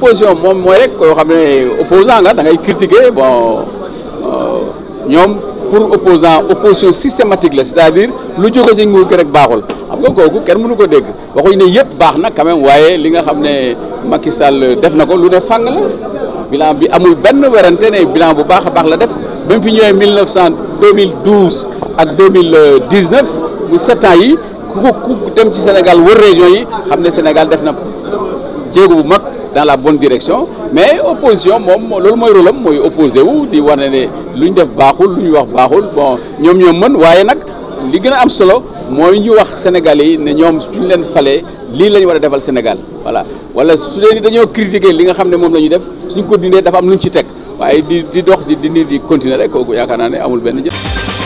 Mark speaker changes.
Speaker 1: position moom mooy rek koo xam ne opposant nga da ngay critiquer bon euh, ñoom pour opposant opposition systématique la c'est-à-dire lu jóge ci nguur gi rek baaxul xam nga kooku kenn mënu ko dégg waxuñ ne yëpp baax na quand waaye li nga xam ne Macky Sall def na ko lu ne fàng la bilan bi amul benn werante ne bilan bu baax a baax la def ba mu fi ñëwee mille neuf cent deux mille douze ak deux mille dix neuf mu sept yi ku ku dem ci Sénégal wër région yi xam ne Sénégal def na jéego bu mag. dans la bonne direction mais opposition moom loolu mooy rôle mooy opposé wu di wane ne lu ñu def baaxul lu ñu wax baaxul bon ñoom ñoom mën waaye nag li gën a am solo mooy ñu wax Sénégal yi ne ñoom suñu leen falee lii lañu war a defal Sénégal voilà wala su dee ni dañoo critiquer li nga xam ne moom la ñu def suñ ko dindee dafa am lu ñu ci teg waaye di di dox di dindi di continuer rek kooku yaakaar naa ne amul benn jë